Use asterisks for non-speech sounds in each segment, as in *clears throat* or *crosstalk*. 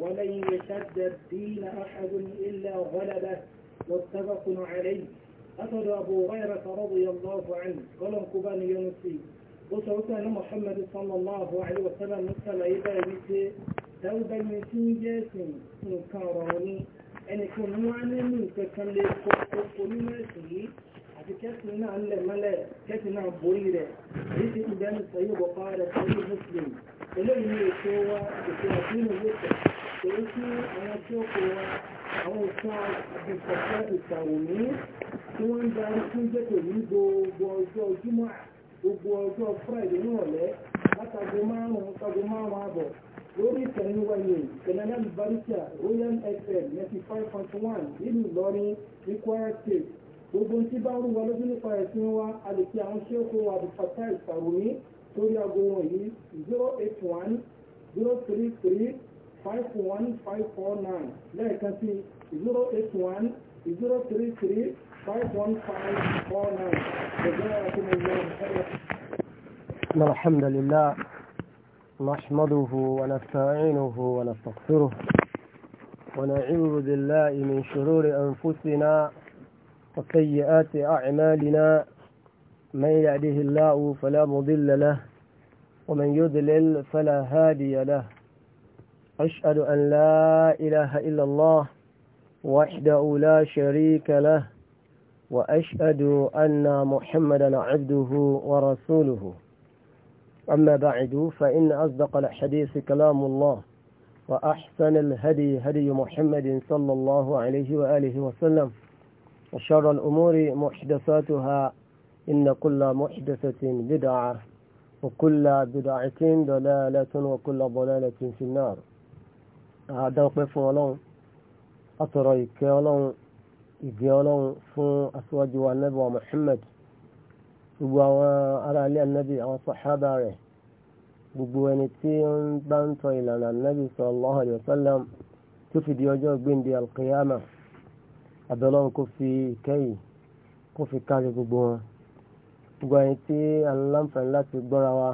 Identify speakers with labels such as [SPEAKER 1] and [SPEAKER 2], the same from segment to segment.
[SPEAKER 1] ولن يشد الدين أحد إلا غلبه متفق عليه أخذ أبو هريرة رضي الله عنه قال كبان ينسي أن محمد صلى الله عليه وسلم مثل إذا يبيت توبة من سنجاس نكاروني أن يكون معنى من كمل قلنا فيه àti على ملا ń lẹ̀ mọ́lẹ̀ kẹ́sìn náà borí rẹ̀ èyí ti ìdánù sọ yóò bọ̀ èyí tí àwọn tí ó kò wá àwọn òṣùn àbìkọ̀kọ́ ìtàwòmí tí wọ́n ń darí fún jẹ́kẹ̀ ní gbogbo ọjọ́ ojúmọ́ gbogbo ọjọ́ friday ní ọ̀lẹ́ látago márùn-ún látago márùn-ún àbọ̀ lórí ìtẹ̀yìn wáyé kẹ̀lẹ́lá ìbáríkà royal fm ninety five point one nílùú ìlọrin ní kwara state gbogbo tí bá rú wa lójú nípa ẹ̀sìn wa a lè fi àwọn tí ó kó àbìkọ̀kọ́ ìtàwòmí sórí ago wọ̀nyí zero eight one zero three three 51549 lẹ́ẹ̀kan sí 081 033 51549 الحمد لله نحمده ونستعينه ونستغفره ونعوذ بالله من شرور أنفسنا وسيئات أعمالنا من يهده الله فلا مضل له ومن يضلل فلا هادي له أشهد أن لا إله إلا الله وحده لا شريك له وأشهد أن محمدا عبده ورسوله أما بعد فإن أصدق الحديث كلام الله وأحسن الهدي هدي محمد صلى الله عليه وآله وسلم وشر الأمور محدثاتها إن كل محدثة بدعة وكل بدعة ضلالة وكل ضلالة في النار àádá ọpẹ́ fún ọlọ́run àtọ̀rọ̀ ìkẹ́ ọlọ́run ìgẹ́ ọlọ́run fún aṣíwájú wa nẹ́bí wa Muhammad gbogbo àwọn ará ilé ànábì àwọn sàhábà rẹ̀ gbogbo ẹni tí ń bá ń tọ ìlànà ànábì sallallahu alaihi wasallam tó fìdí ọjọ́ gbéǹde alqiyama àbẹ̀lọ́run kò fi ìkẹ́yì kó fi kárí gbogbo wọn gbogbo ẹni tí aláǹfààní láti gbọ́ra wa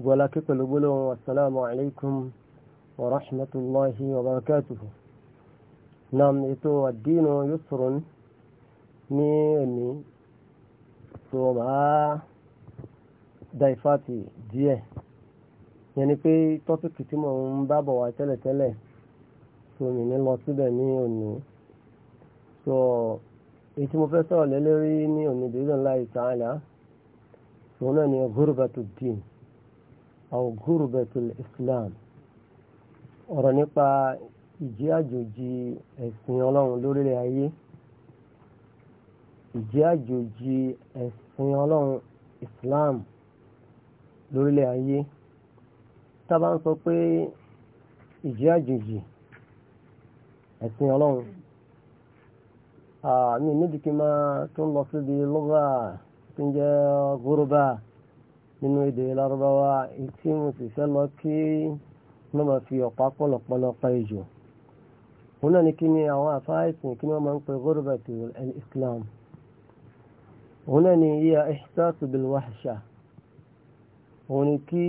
[SPEAKER 1] gbọ́lá kí pẹ̀lú gbólóhùn assalamu alaikum. ورحمة الله وبركاته نعم إتو الدين يسر نيني ثم دايفاتي ديه yẹni pé tọ́pìkì tí mo ń bá bọ̀ wá tẹ́lẹ̀tẹ́lẹ̀ so mi ní lọ síbẹ̀ ní òní tó èyí tí mo fẹ́ sọ̀rọ̀ lé lórí ní òní bíbélì ńlá ta'ala òun náà ni ghurbatu din aw ghurbatu islam ọ̀rọ̀ nípa ìjẹ́ àjòjì ẹ̀sìn ọlọ́run lórílẹ̀ ayé ìjẹ́ àjòjì ẹ̀sìn ọlọ́run Islam lórílẹ̀ ayé tábà ń sọ pé ìjẹ́ àjòjì ẹ̀sìn ọlọ́run àmì nídìí kí máa tó ń lọ síbi lọ́gà tó ń jẹ́ gúrúbà nínú èdè lárúbáwá tí mo sì fẹ́ lọ kí ní wọ́n máa fi ọ̀pá pọ̀lọ̀pọ̀lọ̀ pa ejò òun náà ni kí ni àwọn àfáàìsìn kí ni wọ́n máa ń pe ghurbatu al-islam òun náà ni yíya ihsas bil wahsha òun ni kí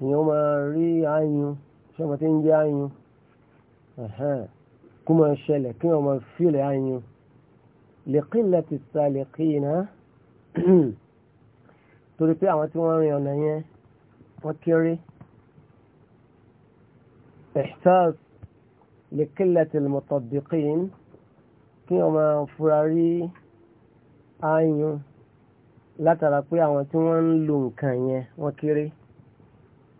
[SPEAKER 1] èèyàn máa rí ayun ṣọ́mọ tí ń jẹ́ ayun kó máa ṣẹlẹ̀ kí wọ́n máa fílẹ̀ ayun li qillati saliqina *clears throat* torí pé àwọn tí wọ́n rìn ọ̀nà yẹn wọ́n kéré. إحساس لقلة المطبقين kí wọ́n máa fura rí ayun látara pé àwọn tí wọ́n ń lo nǹkan yẹn wọ́n kéré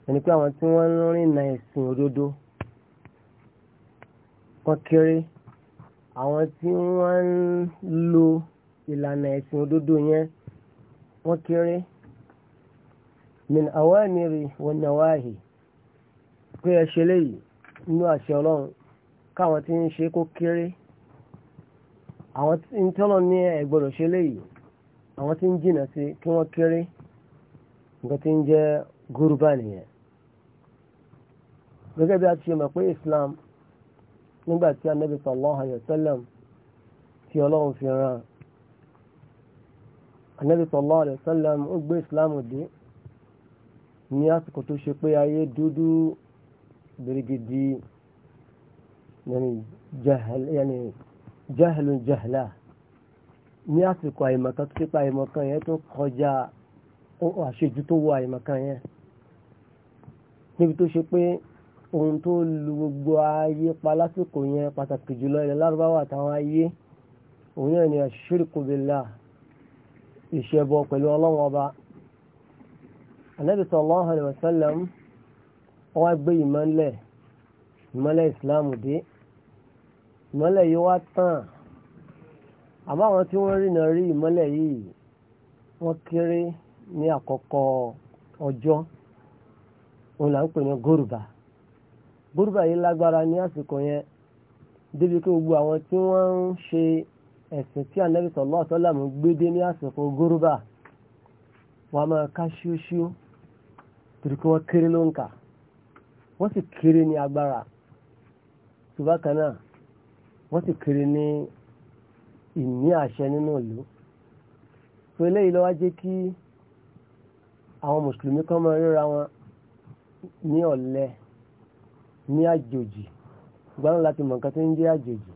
[SPEAKER 1] ẹni pé àwọn tí wọ́n ń rìnà ẹ̀sìn òdodo wọ́n kéré àwọn tí wọ́n ń lo ìlànà ẹ̀sìn òdodo yẹn wọ́n kéré min awamiri wa nawahi pé ẹ ṣe léyìí nínú àṣẹ ọlọ́run káwọn tí ń ṣe kó kéré àwọn tí ń tọ́lọ̀ ní ẹ̀gbọ́dọ̀ ṣe léyìí àwọn tí ń jìnà sí kí wọ́n kéré nǹkan tí ń jẹ́ gúrúbà nìyẹn gẹ́gẹ́ bí a ti ṣe mọ̀ pé Islam nígbà tí Ànábì sallallahu alayhi wa tí ọlọ́run fi ràn برجدي يعني جهل يعني جهل جهلا ní àsìkò àìmọ̀kan tó sípa àìmọ̀kan yẹn tó kọjá àṣejù tó wọ àìmọ̀kan yẹn níbi tó ṣe pé ohun tó lu gbogbo ayé pa lásìkò yẹn pàtàkì jùlọ ilẹ̀ lárúbáwá àtàwọn ayé òun náà ni àṣírìkù billah ìṣẹbọ pẹ̀lú ọlọ́wọ́n ọba Ànábì sallallahu alaihi wasallam wọ́n wá gbé ìmọ̀lẹ̀ ìmọ̀lẹ̀ islam dé ìmọ̀lẹ̀ yìí wá tàn àmọ́ àwọn tí wọ́n rìnà rí ìmọ̀lẹ̀ yìí wọ́n kéré ní àkọ́kọ́ ọjọ́ òun là ń pè ní gòrùbà gòrùbà yìí lágbára ní àsìkò yẹn débi pé gbogbo àwọn tí wọ́n ń ṣe ẹ̀sìn tí Ànábì sallallahu gbé dé ní àsìkò gòrùbà wọ́n máa ká ṣíúṣíú torí pé wọ́n kéré ló ń kà á wọ́n sì kéré ní agbára tùbákanáà wọ́n sì kéré ní ìní àṣẹ nínú ìlú tó eléyìí lọ́wọ́ jẹ́ kí àwọn mùsùlùmí kan máa ríra wọn ní ọ̀lẹ ní àjòjì gbọ́dọ̀ láti mọ̀ nǹkan tó ń jẹ́ àjòjì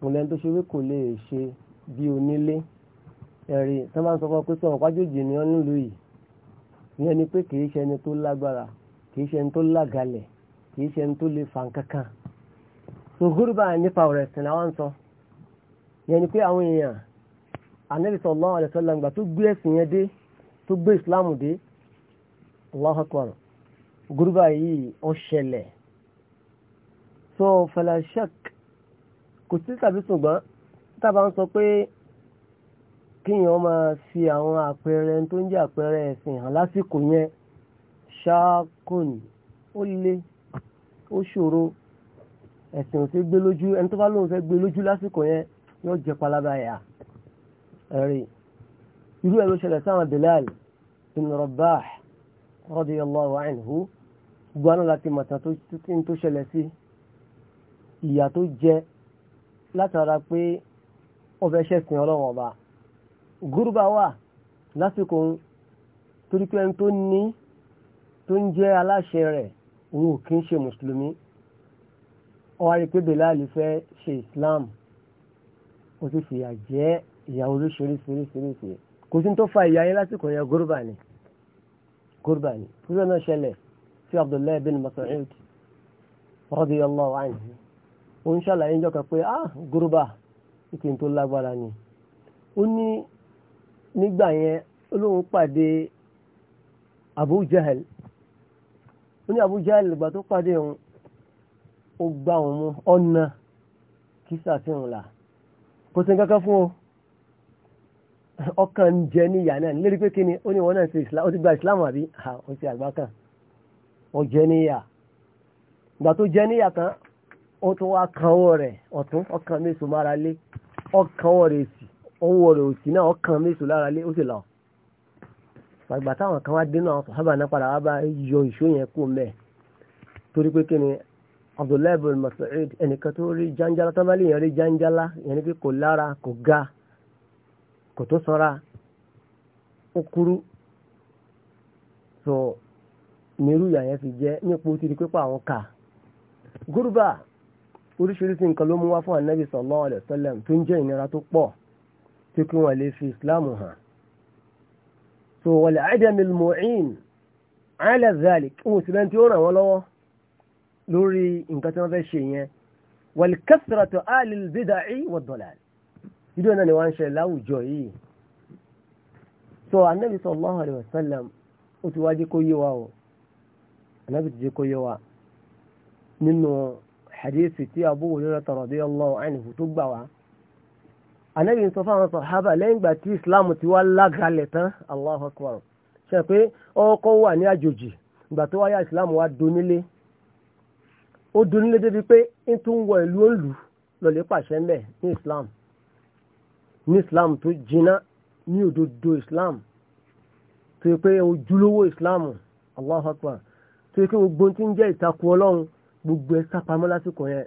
[SPEAKER 1] mo tó ṣe wí kò lè ṣe bí onílé ẹ̀rí tó máa ń sọ pé sọ̀rọ̀ pàjòjì ni wọ́n nílùú yìí ìyẹn ni pé kì í ṣe ẹni tó lágbára kìí ṣe ẹni tó lágalẹ̀ kìí ṣe ẹni tó lè fa nǹkankan so nípa ọ̀rọ̀ ẹ̀sìn làwọn sọ yẹn ni pé àwọn èèyàn Ànábì sallallahu alaihi wasallam gbà tó gbé ẹ̀sìn yẹn dé tó gbé ìsìláàmù dé Allahu akbar gúrúbà yìí ó ṣẹlẹ̀ so fala shak kò sí tàbí ṣùgbọ́n tábà ń sọ pé kíyàn máa fi àwọn àpẹẹrẹ tó ń jẹ́ àpẹẹrẹ ẹ̀sìn hàn lásìkò yẹn ṣáàkùn ó le ó ṣòro ẹ̀sìn òsè gbé lójú ẹni tó bá lóun fẹ́ gbé lójú lásìkò yẹn yóò jẹ palaba yà ẹ̀rí irú ẹ̀ ló ṣẹlẹ̀ sáwọn Bilal bin Rabah radiyallahu anhu gbogbo àná láti mọ̀tà tó tó ṣẹlẹ̀ sí ìyà tó jẹ látara pé ó fẹ́ ṣẹ̀sìn ọlọ́wọ́n ọba gúrúbà wà lásìkò torí ẹni tó ní tó ń jẹ́ aláṣẹ rẹ̀ òun ò kí ń ṣe mùsùlùmí ọwọ́ rí pé Bilal fẹ́ ṣe Islam ó sì fìyà jẹ́ ìyà oríṣiríṣiríṣiríṣi kò sí tó fa ìyà yẹn lásìkò yẹn gúrúbà ni gúrúbà náà ṣẹlẹ̀ sí Abdullahi bin Mas'ud radiyallahu anhu ó ń ṣàlàyé ń jọ́ka pé ah gúrúbà ìpín tó lágbára ni ó ní nígbà yẹn olóhùn pàdé Abu Jahal ó ní Abu Jahl ìgbà tó pàdé òun ó gbá òun mú ọ̀nà kí sàfihàn là kò sí kankan fún o ọkàn jẹ níyà náà lérí pé kíni ó ní wọn náà ṣe islam ó ti gba islam àbí ha ó ti àgbá kan ó jẹ níyà ìgbà tó jẹ níyà kan ó tún wá kan ọwọ́ rẹ̀ ọ̀tún ọkàn mẹ́sàn-án mára ọkàn ọwọ́ rẹ̀ òsì ọwọ́ rẹ̀ òsì náà ọkàn mẹ́sàn lára lé ó sì lọ. àgbà táwọn kan wá dénú àwọn sàhábà náà padà wá bá yọ ìṣó yẹn kú mẹ́ torí pé kíni Abdullahi bin Mas'ud ẹnìkan tó rí jáńjálá tó yẹn rí jáńjálá yẹn ni pé kò lára ga kò tó sanra ó kúrú so nírú ìyà yẹn fi jẹ́ nípò tí di pípa àwọn kà gúrúbà oríṣiríṣi nǹkan ló mú wá fún Ànábì tó ń jẹ́ ìnira tó Islam hàn so wàlẹ̀ àjẹmí mọ̀ọ́ìn àìlẹ̀ zalik òun sì lẹ́ni tí ó ràn wọ́n lọ́wọ́ lórí nǹkan tí wọ́n fẹ́ ṣe yẹn wàlẹ̀ kẹsìrọ̀tọ̀ àìlẹ̀ bídàí wọ́n dọ̀là ìdí ọ̀nà ni wọ́n ń ṣe láwùjọ yìí so anabi sallallahu alayhi wa sallam ó ti wá jẹ́ kó yé wa o anabi ti jẹ́ kó yé wa nínú hadithi tí abu hurairah radiyallahu anhu tó gbà wá ànábì ń sọ fáwọn sọ̀hábà lẹ́yìn ìgbà tí islam ti wá lágalẹ̀ tán allahu akbar ṣe pé ọkọ̀ wà ní àjòjì ìgbà tó wáyà islam wá donílé ó donílé débi pé ń tún wọ ìlú òǹlù lọ́lẹ́ pàṣẹ ńbẹ̀ ní islam ní islam tó jiná ní òdodo islam tó yẹ pé ojúlówó islam allahu akbar tó yẹ pé gbogbo tí ń jẹ́ ìtakùn ọlọ́run gbogbo ẹ̀ sápamọ́ lásìkò yẹn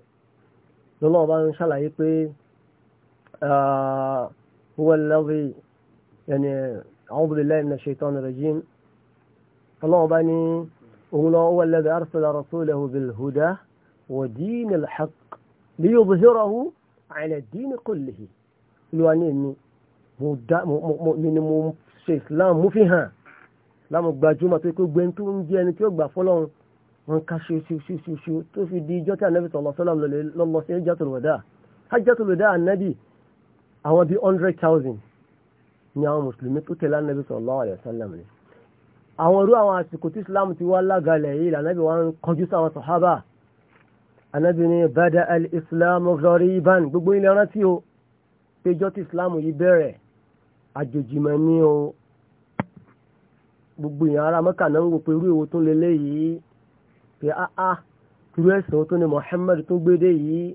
[SPEAKER 1] lọ́lọ́wọ́ ń ṣàlàyé pé. هو الذي يعني أعوذ بالله من الشيطان الرجيم الله باني هو الذي أرسل رسوله بالهدى ودين الحق ليظهره على الدين كله لواني ni mo ṣe islam mú fi hàn láwọn gbajúmọ̀ tó kó gbẹ́ tó ń jẹ́ ẹni tí ó gbà fọ́lọ́run wọn ká ṣoṣoṣoṣo tó fi di ijọ́ tí ànábì sallallahu alaihi wasallam lọ lọ sí hajjatul wada hajjatul wada ànábì àwọn bíi hundred thousand ni àwọn mùsùlùmí tó tẹ̀lé anabi sallallahu alaihi wasallam ni àwọn irú àwọn àsìkò tí islam ti wá lágalẹ̀ yìí lànàbí wọn kọjú sí àwọn sàhábà anabi ni bada al islam ghariban gbogbo ilẹ̀ rántí o péjọ tí islam yìí bẹ̀rẹ̀ àjòjìmọ̀ ni o gbogbo èèyàn ará mọ́kà náà ń wò pé irú èwo tó lélẹ́yìí pé áá ah, ah, irú ẹ̀sìn tó ní Muhammad tó gbédé yìí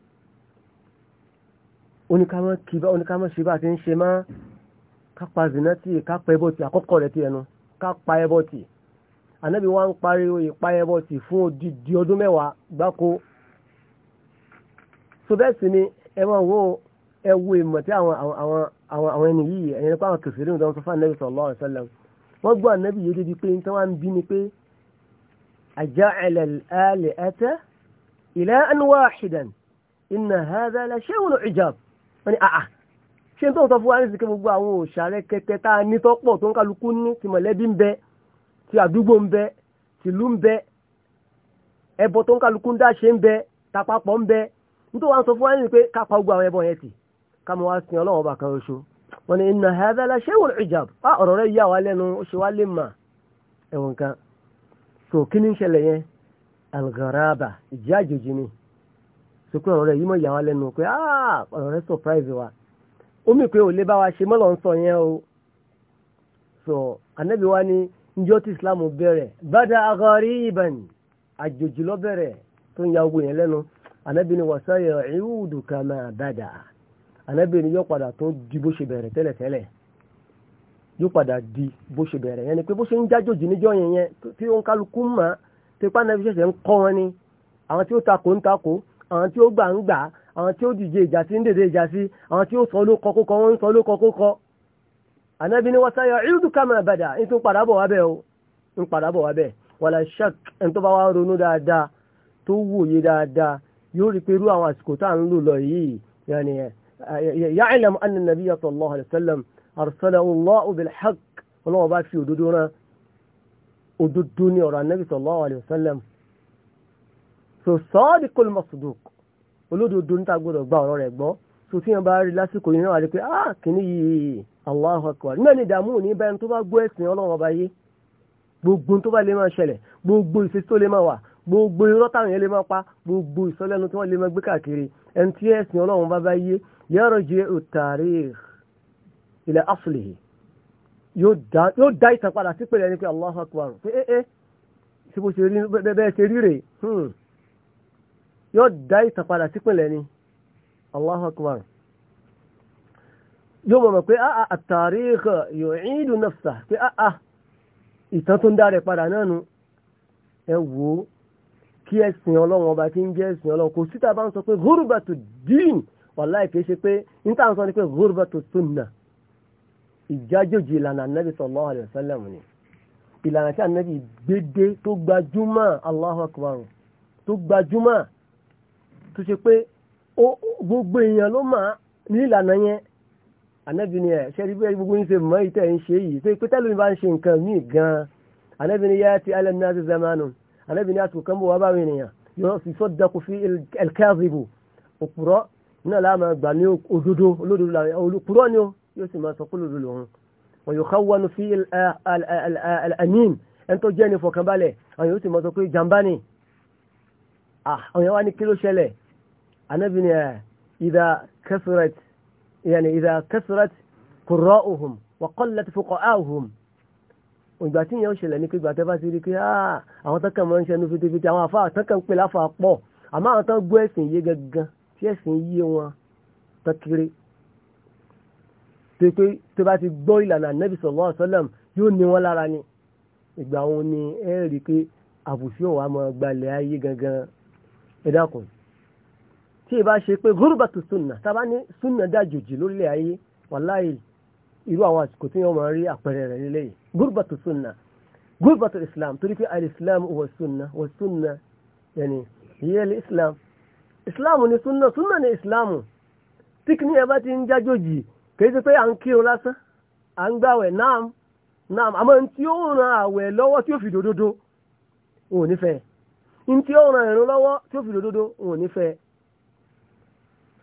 [SPEAKER 1] oníkàmọ́ kíbá oníkàmọ́ ṣe bá ti ń ṣe má kápa zina tí kápa ẹbọ tí àkọ́kọ́ rẹ̀ ti ẹnu kápa ẹbọ tí ànábì wa ń pariwo ìpa ẹbọ tí fún odidi ọdún mẹ́wàá gbáko so bẹ́ẹ̀ sì ni ẹ máa wo ẹ wo ìmọ̀ tí àwọn àwọn àwọn àwọn ẹni yìí ẹ̀yẹn nípa àwọn kìsìrí ìdánwò tó fún ànábì sallallahu alaihi wọ́n gbọ́ ànábì yìí débi pé níta wọn bí ni pé aja'ala al-alihata ilahan wahidan inna hadha la shay'un ijab wọ́n ní àà ṣé n tó ń sọ fún wa ní sìkẹ́ gbogbo àwọn òṣàrẹ́ kẹ̀kẹ́ tá a ní tọ́pọ̀ tó ń kálukú ní ti mọ̀lẹ́bí ń bẹ ti àdúgbò ń bẹ tìlú ń bẹ ẹbọ tó ń kálukú ń dá ń bẹ tapapọ̀ ń bẹ nítorí wọn sọ fún wa ní pé ká pa gbogbo àwọn ẹbọ yẹn tì ká mọ wá sin ọlọ́wọ́ bàkan oṣù wọn ni inna hadha la shay'un ijab á ọ̀rọ̀ rẹ̀ yà wá lẹ́nu ó ṣe wá lè mà ẹ̀wọ̀n kan so kí ni ń sọ pé ọ̀rọ̀ rẹ̀ yìí mọ̀ lẹ́nu pé ah, ọ̀rọ̀ rẹ̀ surprise wa omi pé lè bá wa ṣe mọ́lọ̀ ń sọ yẹn o sọ anábì wa ní njọ́ tí islam bẹ̀rẹ̀ bada ghariban àjòjì lọ bẹ̀rẹ̀ tó ń ya ogun yẹn lẹ́nu anábì ní wàsá yẹ ìwúdù kama bada anábì ní yóò padà tó di bó ṣe bẹ̀rẹ̀ yóò padà di bó ṣe yẹn ni pé bó ṣe ń jájòjì yẹn yẹn tí ó ń kálukú tí ń wọn ni àwọn tí ó takò ń takò àwọn tí ó gbà ń gbà àwọn tí ó dìje ìjà sí ń dèdè ìjà sí àwọn tí ó sọ ló kọ kókọ wọn ń sọ ló kọ kókọ. ànábi ni wọ́n sáyọ ìrúdù kàmá àbàdà ń tún padà bọ̀ wábẹ́ o ń padà bọ̀ wábẹ́ wàlà ṣak ẹni tó bá wá ronú dáadáa tó wòye dáadáa yóò rí pé irú àwọn àsìkò tá à ń lò lọ yìí yàní ya'lam anna nabiyya sallallahu alayhi wa sallam arsalahu so sọ́ọ́dì kò mọ̀ sùdùk olódodo níta gbọ́dọ̀ gba ọ̀rọ̀ rẹ̀ gbọ́ so tí wọn bá rí lásìkò yìí náà wà rí pé ah kìíní yìí Allahu akbar nígbà ní ìdààmú ní báyìí tó bá gbọ́ ẹ̀sìn Ọlọ́run ọba yé gbogbo tó bá lè máa ṣẹlẹ̀ gbogbo ìṣesí tó lè máa wà gbogbo irọ́ táwọn yẹn lè máa pa gbogbo ìsọlẹ́nu tí lè máa gbé káàkiri ẹni tí ẹ̀sìn Ọlọ́run bá bá yé yẹ́rọ yóò dá ìtàn padà sípìnlẹ̀ ni Allahu akbar yóò mọ̀ mọ̀ pé àà ah, àtàríkà ah, yóò ìdù nafsa pé àà ah, ìtàn tó ń dá rẹ̀ padà náà nu ẹ wò ó kí ẹ̀sìn ọlọ́run ọba tí ń jẹ́ ẹ̀sìn ọlọ́run kò síta bá ń sọ pé gúrùbàtù dín wàláì kìí ṣe pé n tá ń sọ ni pé gúrùbàtù sunna ìjájòjì ìlànà anábì sallallahu alaihi ni ìlànà tí anábì gbédé tó gbajúmọ̀ Allahu akbar tó gbajúmọ̀ tó ṣe pé gbogbo èèyàn ló mà ní ìlànà yẹn ànábì ni ẹ ṣe rí bẹ́ẹ̀ gbogbo yín ṣe mọ ìtẹ̀ ń ṣe yìí tó ṣe pé tẹ́lẹ̀ mi bá ń ṣe nǹkan míì gan-an ànábì ni ti alẹ́ni náà ti zamanu ànábì ni àtúkọ̀ ń wá báwọn ènìyàn yóò sì sọ́ dẹ́kun fi ẹ̀kẹ́rìbù òpùrọ́ náà láàmà gbà ní òdodo olódodo làwọn olùpùrọ́ ni ó yóò sì máa sọ pé lòdò lòun wọn yóò ká wọnú fi ẹ̀ẹ́n ẹni tó jẹ́ ni fọkànbalẹ̀ àwọn yóò sì máa sọ pé jàǹbá ni ah, àwọn yẹn wá ní kí ló ṣẹlẹ̀ anabi ni idha kasurat yani idha kasurat qurra'uhum wa qallat fuqa'ahum ìgbà tí ìyẹn ó ṣẹlẹ̀ ní pé ìgbà tẹ́ bá ti rí pé ah, àwọn tán kàn máa ń ṣe ẹnu fitifiti àwọn àfa àtàn kàn ń pè láfa pọ̀ àmọ́ àwọn tán gbọ́ ẹ̀sìn yé gangan tí ẹ̀sìn yé wọn tán kiri tó pé tó bá ti gbọ́ ìlànà nẹ́bí sallallahu alaihi wasallam yóò ní wọn lára ni ìgbà òun ni ẹ rí i pé àbùsí òun á máa gbalẹ̀ ayé gangan ẹ dákun tí ìbá ṣe pé gúrúbàtù súnà tábà ní súnà dájòjì lórílẹ̀ ayé wàláì irú àwọn àsìkò tí wọ́n máa rí àpẹẹrẹ rẹ̀ nílẹ̀ yìí gúrúbàtù súnà gúrúbàtù islam torí pé al-islam wà súnà wà súnà yẹni ìyẹn islam islam ni súnà súnà ni islam tí kìíní ẹ bá ti ń jájòjì kìí ṣe pé à ń kírun lásán à ń gbàwẹ̀ náà náà àmọ́ tí ó ran àwẹ̀ lọ́wọ́ tí ó fi dòdòdó òun nífẹ̀ẹ́ ní tí ó ran ìrun lọ́wọ́ tí ó fi dòdòdó òun nífẹ̀ẹ́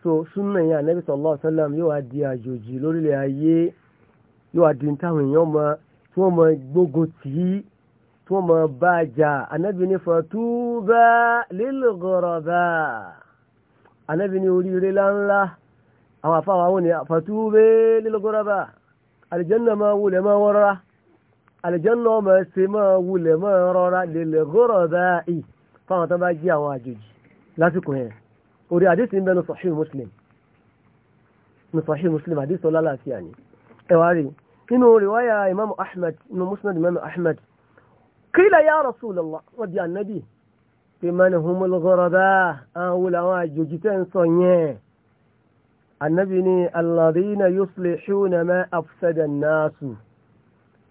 [SPEAKER 1] so súnà yẹn anabi sallallahu alaihi wasallam yóò wá di àjòjì lórílẹ̀ ayé yóò wá di táwọn èèyàn mọ tí wọ́n mọ gbógun tì í tí wọ́n mọ bá a jà anabi ní fatuba lil ghuraba oríire láńlá àwọn afáwọn àwọn ni fatuba lil ghuraba àlìjẹ́nà máa wulẹ̀ máa wọ́rọ́ra àlìjẹ́nà ọmọ ẹsẹ̀ máa wulẹ̀ máa rọra lil ghuraba fáwọn tó bá jí àwọn àjòjì lásìkò yẹn orí àdísì ń bẹnu sahih muslim ní sahih muslim àdísì ọlálàáfíà ni ẹwà rí nínú rìwáyà imamu ahmed nínú musnad imamu ahmed kílẹ̀ ya rasulallah wọ́n di annabi pé mani humul ghuraba àwọn wula àwọn àjòjì tẹ́ ń sọ yẹn annabi ni alladhina yuslihuna ma afsada an-nasu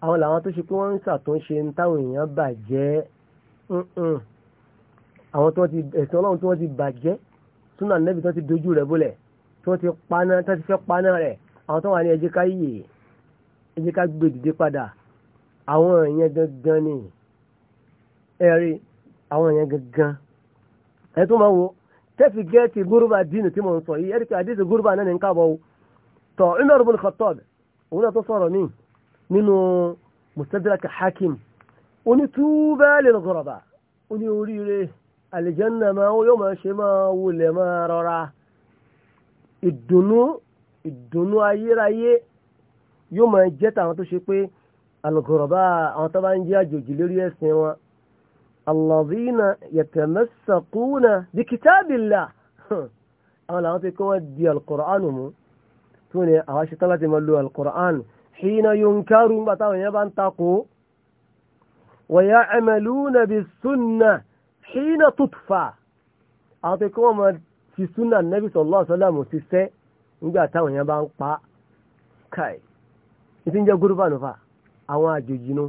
[SPEAKER 1] àwọn làwọn tó ṣe pé wọ́n ń ṣàtúnṣe ń táwọn èèyàn bàjẹ́ àwọn tó ti ẹ̀sìn ọlọ́run tó ti bàjẹ́ súnà nẹ́bí tó ti dojú rẹ̀ bólẹ̀ tí wọ́n ti paná tó ti fẹ́ paná rẹ̀ àwọn tó wà ní ẹjẹ́ ká yè ẹjẹ́ ká gbé dìde padà àwọn èèyàn gangan ni ẹ̀rí àwọn èèyàn gangan ẹ̀ tó máa wo tẹ́fì gẹ́ẹ̀tì gúrúbà dínú tí mo ń sọ yìí ẹ̀rí pé àdéhùn gúrúbà náà ní ń káàbọ̀ o tọ́ Umar ibn Khattab òun náà tó sọ̀rọ̀ míì nínú Mustadrak Hakim onítúbẹ́ẹ̀lì lọ́gọ̀rọ̀bà oní oríire àlìjẹ́nà máa yóò máa ṣe máa wulẹ̀ máa rọra ìdùnnú ìdùnnú ayérayé yóò máa jẹ́ tàwọn tó ṣe pé alùkòròbá àwọn tó bá ń jẹ́ àjòjì lórí ẹ̀sìn wọn alladhina yatamassaquna bi kitabillah àwọn làwọn tó kọ́ wọ́n di alukòròánù mú tó ní àwọn aṣetán láti máa lo alukòròánù hina yunkaru nígbà táwọn èèyàn bá ń takò wa ya'maluna bis sunnah hina tutfa àwọn tó kí wọ́n máa fi súnà nẹ́bí sallallahu alaihi wasallam ti sẹ́ nígbà táwọn èèyàn bá ń pa káì ìtí ń jẹ́ gúrúbà nùfà àwọn àjòjì nu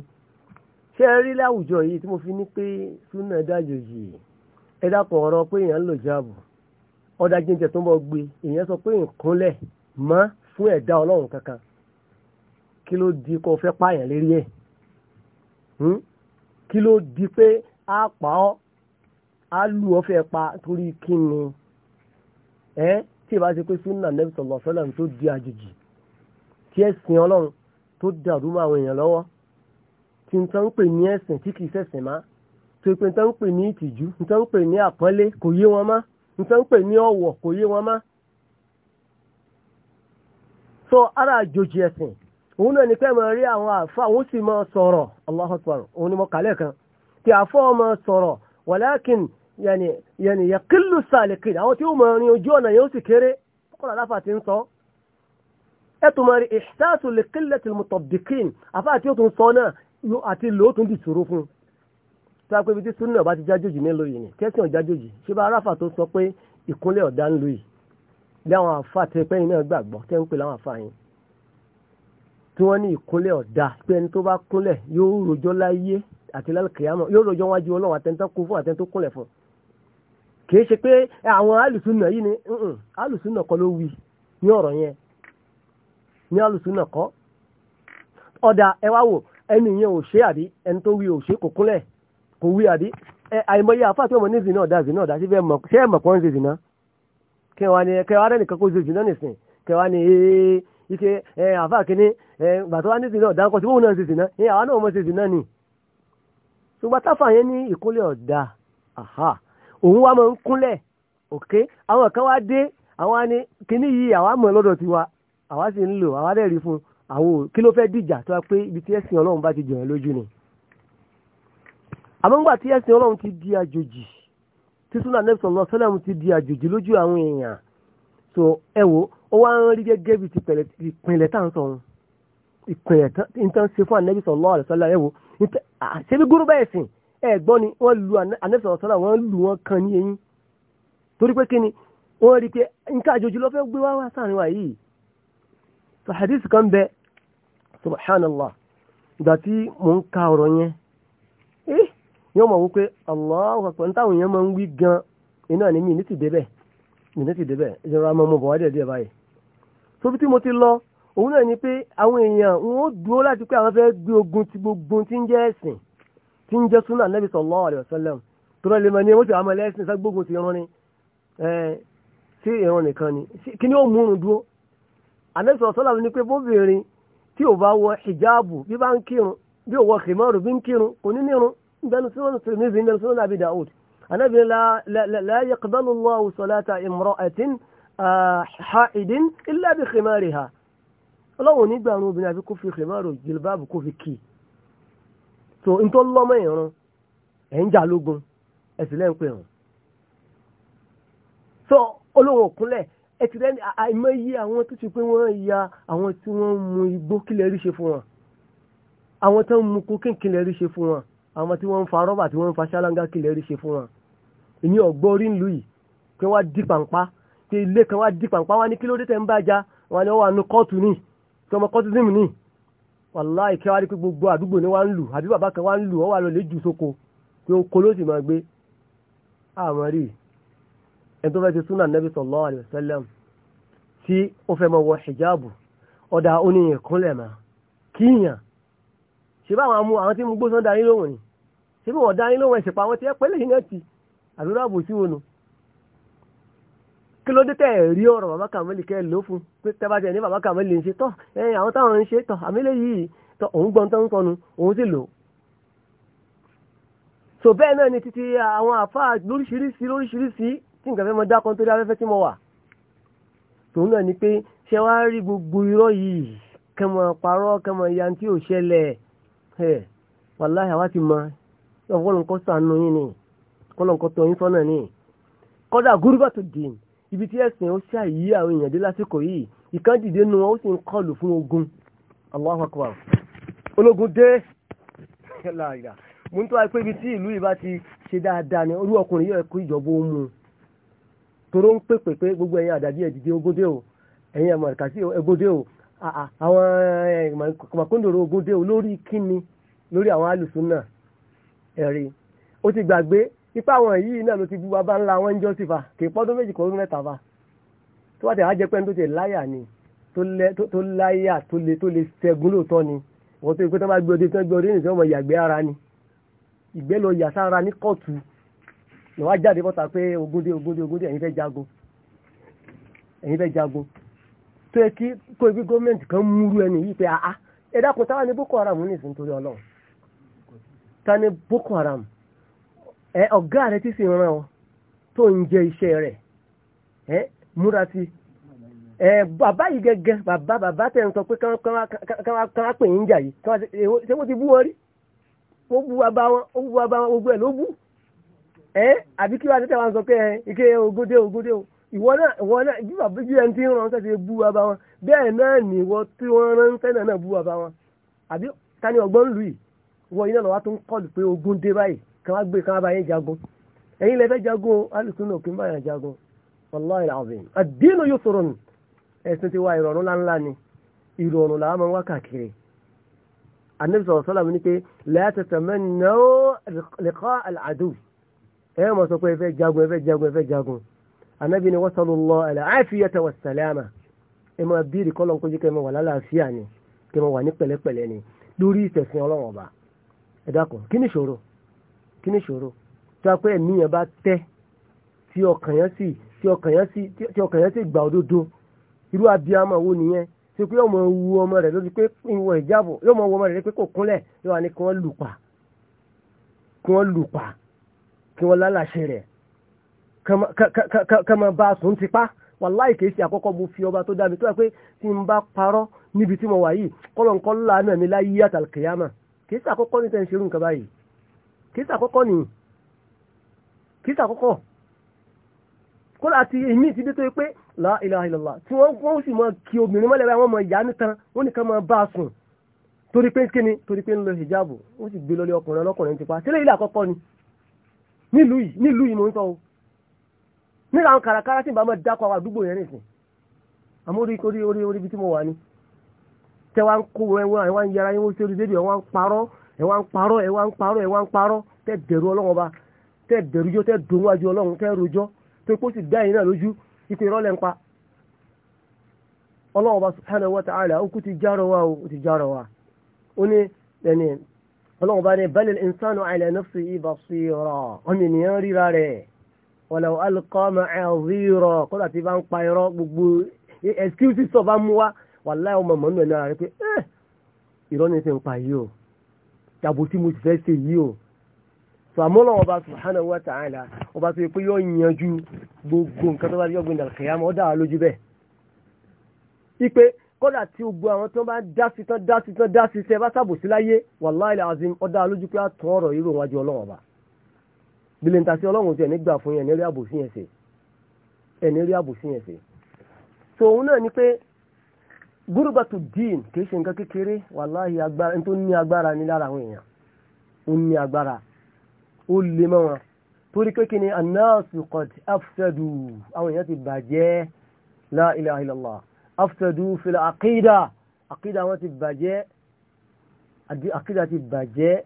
[SPEAKER 1] ṣé ẹ rí láwùjọ yìí tí mo fi ní pé súnà dájòjì ẹ dápọ̀ ọ̀rọ̀ pé èèyàn ń lò jáàbù ọ̀dà jíjẹ tó ń bọ̀ gbé èèyàn sọ pé ìkúnlẹ̀ mọ́ fún ẹ̀dá ọlọ́run kankan kí ló di kó fẹ́ pààyàn lérí ẹ̀ hm? kí ló di pé a pa ọ́ á lù ọ́ fẹ́ pa torí kí ni ẹ́ tí ìbá ṣe pé sunna nabi sallallahu alaihi wasallam tó di àjèjì tí ẹ̀sìn ọlọ́run tó dàrú mọ́ àwọn èèyàn lọ́wọ́ tí n tán ń pè ní ẹ̀sìn tí kìí ṣẹ̀sìn má tó pé n tán ń pè ní ìtìjú n tán ń pè ní àpọ́nlé kò yé wọn má n tán ń pè ní ọ̀wọ̀ kò yé wọn má. sọ ara àjòjì ẹ̀sìn òun náà ní kẹ́mọ̀ rí àwọn àfa òun sì máa sọ̀rọ̀ Allahu Akbar òun ni mo kàlẹ́ kan kí àfọ́ máa sọ̀rọ̀ wàlákìn yẹni yẹni yẹ kílù sàlìkìn àwọn tí ó mọ rin ojú ọ̀nà yóò sì kéré kọ́lá aláfà ti ń sọ ẹ tó mọ rí ìṣáàtù lè kílẹ̀ tìlù mùtọ̀bìkìn àfáà tí ó tún sọ náà àti lò ó tún di ìṣòro fún un tí a pé ibi tí súnà bá ti jájòjì nílò yìí ni kẹ́sìn ọ̀jájòjì ṣé bá aráfà tó sọ pé ìkúnlẹ̀ ọ̀dá ń lò yìí láwọn àfa tẹ pẹ́yìn náà gbàgbọ́ tẹ́ ń pè láwọn àfa yẹn tí wọ́n ní ìkúnlẹ̀ ọ̀dá pé ẹni tó bá kúnlẹ̀ yóò rojọ́ láyé àti lálùkìyàmọ̀ yóò rojọ́ wájú ọlọ́run àtẹnitọ́ kú fún àtẹnitọ́ kúnlẹ̀ fún un kìí ṣe pé àwọn alùsùnà yìí ni alùsùnà kọ́ ló wí ní ọ̀rọ̀ yẹn ní alùsùnà kọ́ ọ̀dà ẹ wò ẹni yẹn ò ṣe àbí ẹni tó wí ò ṣe kò kúnlẹ̀ kò wí àbí àìmọye àfáàtì ọmọ ní zina ọ̀dà zina ọ̀dà ṣé ẹ̀ ṣe zina kẹwàá ni kẹwàá rẹ̀ nìkan kó ṣe zina nìsín ni ee ike ẹ àfáà kínní ẹ bàtọ́ wa ní zina ọ̀dà náà ṣe zina òun wá máa ń kúnlẹ̀ òkè àwọn kan wá dé àwọn ni kíní yìí àwa mọ̀ lọ́dọ̀ tiwa àwa sì ń lò àwa dẹ̀ rí fún àwọn kí ló fẹ́ dìjà tó wá pé ibi tí ẹ̀sìn ọlọ́run bá ti jọ yẹn lójú ni. àmọ́ ńgbà tí ẹ̀sìn ọlọ́run ti di àjòjì tí súnà nẹ́bùsọ̀ lọ sọ́lẹ̀mù ti di àjòjì lójú àwọn èèyàn so ẹ wo ó wá ń rí gẹ́gẹ́ bí ti ìpìlẹ̀ tá à ń sọ ohun ìpìlẹ̀ tí ń tán ṣe fún ànẹ́bùsọ̀ lọ́ọ̀rẹ̀ sọ́lẹ̀ ẹ wo àṣẹ́bí gúrú bẹ́ẹ̀ sìn ẹ̀gbọ́n ni wọ́n lu anẹ́sọ̀rọ̀ wọ́n lu wọn kan ní eyín torí pé kí ni wọ́n rí i pé nǹkan àjòjì ló gbé wá wá sáàrin wa yìí so hadith kan bẹ subhanallah ìgbà tí mò ń ka ọ̀rọ̀ yẹn eh yóò mọ̀ wípé allahu n nítawọn yẹn máa ń wí gan iná ni mi ní ti débẹ̀ mi ní ti débẹ̀ ìjọba bọ̀ wá báyìí tóbi tí mo ti lọ òun náà ni pé àwọn èèyàn wọn ó dúró láti pé àwọn fẹ́ gbé tí ń jẹ́ súnà nẹ́bí sallallahu alaihi wasallam tọ́lá lè máa ní wọ́n ti àmọ́ ẹlẹ́sìn ságbógun ti rán ni sí ìran nìkan ni kí ni ó mú un dúró ànẹ́bí sọ̀sọ́lá ni pé bóbìnrin tí ò bá wọ hijabu bí bá ń kírun bí ò wọ khimaru bí ń kírun kò ní nírun bẹnu sí wọn tìrì níbi bẹnu sí wọn nàbí Daud ànẹ́bí la yaqbalu so n tó lọ́mọ ìrun ẹ̀ ń jà ẹ̀ sì lẹ́ ń pè so olóhùn òkúnlẹ̀ ẹ ti rẹ́ni àìmọye àwọn tó ti pé wọ́n ya àwọn tí wọ́n mu igbó kílẹ̀ rí ṣe fún wọn àwọn tó ń mu kókín kílẹ̀ rí ṣe fún wọn àwọn tí wọ́n ń fa rọ́bà tí wọ́n ń fa ṣáláńgá kílẹ̀ rí ṣe fún wọn ìyẹn ọ̀gbọ́n orí ńlú yìí pé wọ́n di pàǹpá pé ilé kan wọ́n di pàǹpá wọ́n ní kí ló dé ń bá ja wọ́n á ní wà nù kóòtù ní tọmọ kóòtù dìmù ní wàláì kí wá rí pé gbogbo àdúgbò ni wá ń lù àbí bàbá kan wá ń lù wọ́n wà lọ lè jù sóko pé ó kó ló sì máa gbé àmọ́ rí ẹni tó fẹ́ ti súnà nẹ́bí sallallahu alaihi wasallam tí ó fẹ́ máa wọ hijabu ọ̀dà oníyìn kúnlẹ̀ mà kíyàn ṣé bá àwọn amú àwọn tí mo gbó sọ́n darí lóhùn ni ṣé bí wọ́n darí lóhùn ẹ̀ṣẹ̀ àwọn tí ẹ pẹ́lẹ́ yìí náà ti àdúrà bò sí wọn nù kí ló dé tẹ̀ rí ọ̀rọ̀ bàbá kàmẹ́lì kẹ́ ló fún pé tẹ́bá tẹ̀ ní bàbá kàmẹ́lì ń ṣe tọ́ ẹ̀yìn àwọn táwọn ń ṣe tọ́ àmìlẹ̀ yìí tọ́ òun gbọ́n tó ń sọnu òun sì lò. sò bẹ́ẹ̀ náà ni títí àwọn àfáà lóríṣiríṣi lóríṣiríṣi tí nǹkan fẹ́ mọ dákọ́ nítorí afẹ́fẹ́ tí mo wà. tòun náà ni pé ṣé wàá rí gbogbo irọ́ yìí kẹmọ parọ́ kẹmọ ya tí ò ṣẹlẹ̀ ẹ̀ wàláhì àwa ti ni ọ̀pọ̀lọpọ̀ tọ̀yìn sọ́nà ni kọ́dà tó dì ní ibi tí ẹ̀sìn ó ṣàyí àwọn èèyàn dé lásìkò yìí ìkan dìde nu wọn ó sì ń kọlù fún ogun Allahu Akbar ológun dé láàyè mo ń tọ́ àìpé ibi tí ìlú ìbá ti ṣe dáadáa ni orú ọkùnrin yóò kó ìjọba ó mú un toró ń pèpè pé gbogbo ẹ̀yin àdàbí ẹ̀ dìde ogóde o ẹ̀yin ẹ̀mọ̀ ẹ̀ka sí ogóde o àwọn kọ̀mọ̀kóńdòrò ogóde o lórí kíni lórí àwọn alùsùn náà ẹ̀rí ó ti gbàgbé ipa àwọn yìí náà ló ti bu bàbá ńlá wọn ń jọ sí fa kì í pọ́dún méjì kọ́dún mẹ́ta fa tó wà tẹ̀ ajẹ́ pẹ́ tẹ̀ láyà ni tó láyà tó le tó le sẹ́gun lóòótọ́ ni wọ́n tó ikú tó bá gbé ọdún tó gbé ọdún nìkan ọmọ ìyàgbẹ́ ara ni ìgbẹ́ lọ yà sára ní kóòtù lọ́wọ́ jáde bọ́ta pé ogúndé ogúndé ogúndé ẹ̀yin fẹ́ jagun ẹ̀yin fẹ́ jagun tó yẹ kí kó ibi gómìnà kan múrú ẹni yìí pé àá ẹ̀dá kò táwọn ní Boko Haram ní ìsìn torí Ọlọ́run ta ni Boko Haram ẹ ọ̀gá rẹ ti sì ràn ọ́ tó ń jẹ iṣẹ́ rẹ̀ ẹ múra sí ẹ bàbá yìí gẹ́gẹ́ bàbá bàbá tẹ̀ ń sọ pé káwá pè ń jà yìí ṣé wọ́n ti bú wọn rí ó bú bàbá wọn ó bú bàbá wọn gbogbo ẹ̀ ló bú ẹ àbí kí wàá tẹ́tẹ́ wọn sọ pé ẹ ike ogóde ogóde o ìwọ náà ìwọ náà bí bàbá bí ẹni tí ń ràn sẹ́sẹ̀ bú bàbá wọn bẹ́ẹ̀ náà ni ìwọ tí wọ́n rán sẹ́nà náà bú bàbá wọn àbí ta ọgbọ́n lù yìí ìwọ iná lọ́wọ́ tó ń kọlù pé ogún báyìí kan wá gbé kan wá bá yín jagun ẹ̀yin lè fẹ́ jagun alùsùn náà kì í bá yàn jagun wàláhì làwọn àdínú yóò sọ̀rọ̀ nù ẹ̀sìn ti wá ìrọ̀rùn ńláńlá ni ìrọ̀rùn làwọn máa ń wá káàkiri anabi sọ̀rọ̀ sọ́lá mi ní pé lẹ́yàtẹ̀tẹ̀ mẹ́nà ó lẹ́kọ́ àdù ẹ mọ̀ sọ pé ẹ fẹ́ jagun ẹ fẹ́ jagun ẹ fẹ́ jagun anabi ni wasalu lọ ẹ̀lẹ́ àìfiyẹtẹ̀ wà sàlẹ́àmà ẹ máa bíìrì wà lálàáfíà ni kẹ́ máa wà kí ni ìṣòro tó a pé ẹ̀mí yẹn bá tẹ́ tí ọkàn yẹn sì tí ọkàn yẹn sì tí ọkàn yẹn sì gbà òdodo irú abiyamọ wo nìyẹn tí pé ọmọ wu ọmọ rẹ lórí pé ìwọ ìjábọ yóò mọ wọ ọmọ rẹ pé kò kúnlẹ̀ yóò wá ní kí wọn lù pa kí wọn lù pa kí wọn lálàṣẹ rẹ kama bá sùn ti pa wàláì kìí ṣe àkọ́kọ́ mo fi ọba tó dá mi tó yẹ pé tí n bá parọ́ níbi tí mo wà yìí kọ́lọ̀ nǹkan lánàá mi láyé àtàlùkìyàmà kìí ṣe àkọ́kọ́ ní tẹ̀ ń ṣerú nǹkan báyìí kìí sàkọ́kọ́ ni kìí sàkọ́kọ́ kódà àti èmi ti dé tó pé la tí wọ́n wọ́n sì máa kí obìnrin mọ́lẹ̀ wọ́n mọ ìyá nítan wọ́n nìkan máa bá a sùn torí pé kíni torí pé ń lo hijabu wọ́n sì gbé lọ́lé ọkùnrin ọlọ́kùnrin ti pa sílẹ̀ ilé àkọ́kọ́ ni nílùú yìí nílùú yìí mo ń sọ o nílùú àwọn kàràkàrà sì bá máa dákọ̀ àwọn àdúgbò yẹn nìsín àmọ́ orí orí orí ibi tí mo wà ni tẹ́ wá ń kó àwọn yàrá yẹn wọ́n sí orí ẹ wá ń parọ́ ẹ wá ń parọ́ ẹ wá ń parọ́ tẹ́ dẹ̀rù ọlọ́run ọba tẹ́ dẹ̀rù jọ tẹ́ dùn wájú ọlọ́run tẹ́ rojọ́ tó kó sì dá yín náà lójú ipò ìrọ́lẹ̀ ń pa ọlọ́run ọba subhanahu wa ta'ala ó kú ti járọ wa ó ti járọ wa ó ní ẹni ọlọ́run ọba ní balil insanu ala nafsihi basira ọmọ ènìyàn ríra rẹ̀ walau alqa ma'azira kọ́dà tí bá ń pa irọ́ gbogbo excuse sọ bá mú wa wàláhì ọmọ mọ́nú ẹ̀ náà rẹ̀ pé eh, irọ́ ni ti ń pa yìí o yàgò tí mo ti fẹ́ ṣe yìí o sàmúlò ọba subhanahu wa ta'ala ọba tó yẹ pé yóò yanjú gbogbo nǹkan tó bá yọ gbìndà kẹyàmọ ó dára lójú bẹ́ẹ̀. ipe kódà tí o bu àwọn tó bá dá sí tán dá sí tán dá sí sẹ bá sàbòsí láyé wàláhì azim ó dára lójú pé àtọ ọ̀rọ̀ irú wájú Ọlọ́run ọba bilenta sí Ọlọ́run tiẹ nígbà fún yẹn ní gúrùbàtù dín kìí ṣe nǹkan kékeré wàláhì agbára tó ní agbára ní lára àwọn èèyàn ó ní agbára ó lè mọ́ wọn torí pé kí ni anáàsù qad afsadu àwọn èèyàn ti bàjẹ́ la ilaha afsadu fil àkídà àkídà wọn ti bàjẹ́ àkídà ti bàjẹ́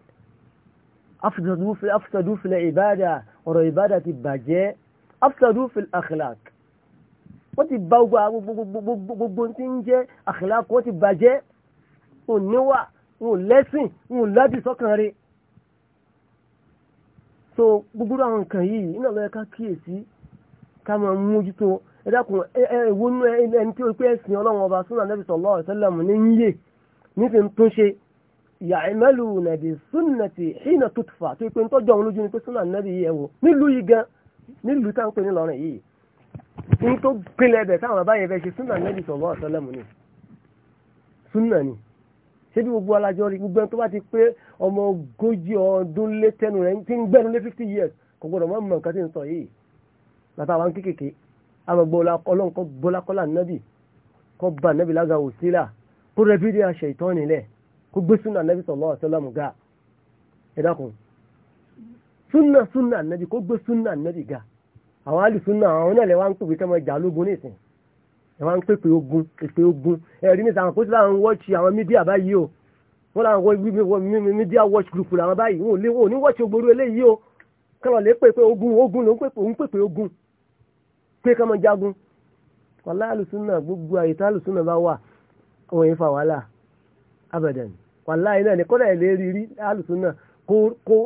[SPEAKER 1] afsadu fil ìbádà ọ̀rọ̀ ìbádà ti bàjẹ́ afsadu fil akhlaq wọ́n ti ba gbogbo tí ń jẹ́ àkìlákọ̀ wọ́n ti bàjẹ́ wọn ò níwà wọn ò lẹ́sìn wọn ò láti sọ́kàn rẹ̀ so gbogbo àwọn nǹkan yìí iná lọ́yẹ ká kíyèsí ká máa mójútó ẹ dákun ẹ̀wọ́ nú ẹni tí ó pé ẹ̀sìn ọlọ́run ọba súnà nẹ́bí sallallahu alaihi wasallam ní yíyè nífẹ̀ẹ́ tó ṣe yàìmẹ́lù nàbì súnnàtì hìnà tutfa tó pé ń tọ́jú àwọn olójú ni pé súnà nẹ́bí yìí ẹ̀wọ̀ nílùú yìí gan nílùú táwọn pè ní lọ́rùn yìí ní tó pinlẹ̀ ẹ̀bẹ̀ táwọn bàbá yẹn fẹ́ ṣe súnà nẹ́bí sọ̀rọ̀ ọ̀sọ́lẹ̀mù ni súnà ni ṣé bí gbogbo alájọ rí gbogbo ẹni tó bá ti pé ọmọ ogójì ọdún lé tẹnu rẹ̀ ti ń gbẹ́nu lé fifty years kò gbọdọ̀ mọ́ mọ̀ nǹkan tí ń sọ yìí bàbá wa ń kékèké àmọ́ gbọ́lákọ́lá nẹ́bí kọ́ bá nẹ́bí lága òsílà kó rẹ bídí aṣẹ ìtọ́ nílẹ̀ kó gbé súnà nẹ́bí sọ̀rọ̀ ọ̀sọ́lẹ̀mù ga ẹ̀dá kan àwọn alùsùnà àwọn náà lè wá ń pèpè kẹ́mọ ìjà lógun nìsín ẹ wá ń pèpè ogun pèpè ogun ẹ̀rí nìsín àwọn kóṣìlá àwọn wọ́ọ̀ṣì àwọn mídíà báyìí o wọ́n làwọn mídíà wọ́ọ̀ṣì group làwọn báyìí wọn ò ní wọ́ọ̀ṣì ògbóró eléyìí o kẹ́mọ lè pèpè ogun ogun ló ń pèpè ogun pé kẹ́mọ jagun wàlá alùsùnà gbogbo àyè tá alùsùnà bá wà àwọn yẹn fa wàhálà abadan wàlá iná ni kọ́dà ilé rírí alùsùnà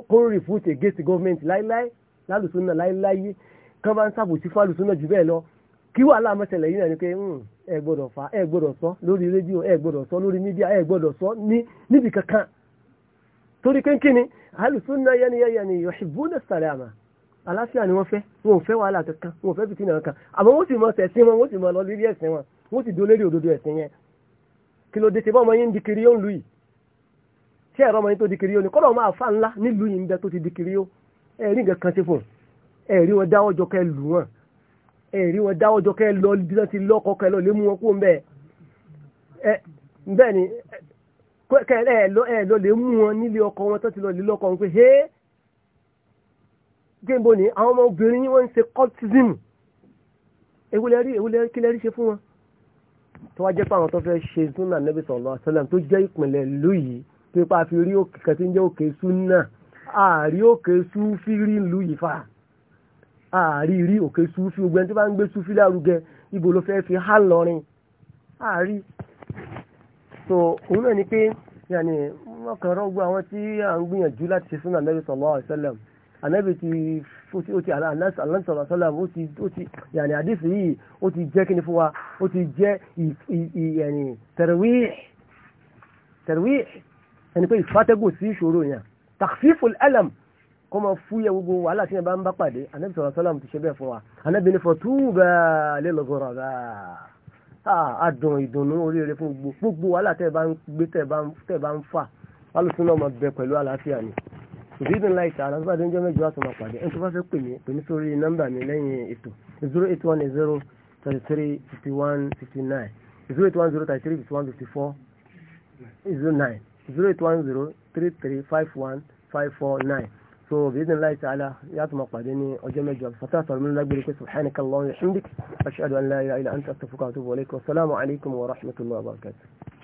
[SPEAKER 1] kó rìfúùtì gẹ́sì gọ́ọ̀mẹ̀ntì láíláí lálùsùnà láíláí kán bá ń sàbòsí fún àlùsọ́nà jù bẹ́ẹ̀ lọ kí wàhálà mẹ́sẹ̀lẹ̀ yìí náà ni pé hmm, ẹ gbọ́dọ̀ fa ẹ gbọ́dọ̀ sọ lórí rédíò ẹ gbọ́dọ̀ sọ lórí mídíà ẹ gbọ́dọ̀ sọ ní níbi kankan torí pé kí ni àlùsọ́nà yẹniyẹni yuhibbuna salama àlàáfíà ni wọ́n fẹ́ wọn ò fẹ́ wàhálà kankan wọn ò fẹ́ fìtínà kankan àmọ́ wọ́n sì mọ sẹ̀sìn wọn wọ́n sì mọ lọ lórí ẹ̀sìn wọn wọ́n sì dó lórí òdodo ẹ̀sìn yẹn kí ló dé ṣe bá yín ń di kiri yóò ń lu yìí ṣé ẹ̀rọ ọmọ yín tó di kiri yóò ní kọ́dọ̀ ọmọ àfa ńlá nílùú yìí ń bẹ tó ti di kiri yóò ẹ̀rí nǹkan kan ṣe fún un ẹ̀rí wọn dáwọ́ jọ kẹ́ lù wọ́n ẹ̀rí wọn dáwọ́ jọ kẹ́ lọ bí wọ́n ti lọ́kọ̀ kẹ́ lọ lé mú wọn kó ń bẹ̀ ẹ̀ bẹ́ẹ̀ ni kẹ́ ẹ̀ lọ ẹ̀ lọ lé mú wọn nílé ọkọ wọn tó ti lọ lé lọ́kọ̀ wọn pé hé géńbó ni àwọn ọmọ obìnrin yìí wọ́n ń ṣe cultism ewúlẹ́rí ewúlẹ́rí kí lẹ́rí ṣe fún wọn tó wá jẹ́ pé àwọn tó fẹ́ ṣe súnà nẹ́bí sallallahu alaihi tó jẹ́ ìpìnlẹ̀ ìlú pípa fi rí òkè kẹtí ń jẹ́ òkè súnà àárí òkè súfírí ìlú yìí ààrí rí òkè sufi gbogbo ẹni tó bá ń gbé sufi lárugẹ ibo ló fẹ́ fi há lọrin ààrí so òun náà ni pé yàní wọn kàn rọgbọ àwọn tí à ń gbìyànjú láti ṣe fún anabi sallallahu alaihi wasallam anabi ti fúti ó ti aláǹsọ àlọ́sọ̀lá ó ti ó ti yàní àdìsí yìí ó ti jẹ́ kíni fún wa ó ti jẹ́ yàní tarwih tarwih ẹni pé ìfàtẹ́gùn sí ìṣòro yẹn takhfiful alam kó máa fúyẹ́ gbogbo wàhálà tí yẹn bá ń bá pàdé anabi sọ̀rọ̀ sọ́làmù ti ṣe bẹ́ẹ̀ fún wa anabi ní fatuba lil ghuraba adùn ah, ìdùnnú oríire fún gbogbo gbogbo wàhálà tẹ́ bá ń gbé tẹ́ bá ń fà alùsùn náà máa bẹ pẹ̀lú àlàáfíà ni ìdídùn láìka alágbàdo ń jẹ́ mẹ́jọ àti máa pàdé ẹni tó bá fẹ́ pè mí pè mí sórí nọ́mbà mi lẹ́yìn ètò zero eight one zero thirty three fifty one fifty nine zero eight one zero thirty three fifty one fifty four zero nine zero eight one zero three three five one five four nine. سو باذن الله تعالى يعطي مقعدين وجمع الجواب فتاة من الله سبحانك الله وبحمدك اشهد ان لا اله الا انت استغفرك واتوب اليك والسلام عليكم ورحمه الله وبركاته